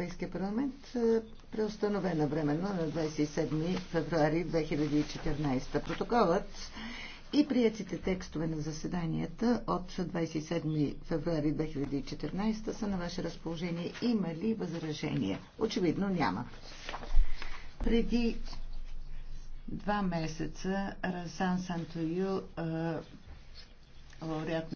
Европейския парламент, е, преустановена временно на 27 февруари 2014. Протоколът и приятите текстове на заседанията от 27 февруари 2014 са на ваше разположение. Има ли възражения? Очевидно няма. Преди два месеца Расан Сантою е, лауреат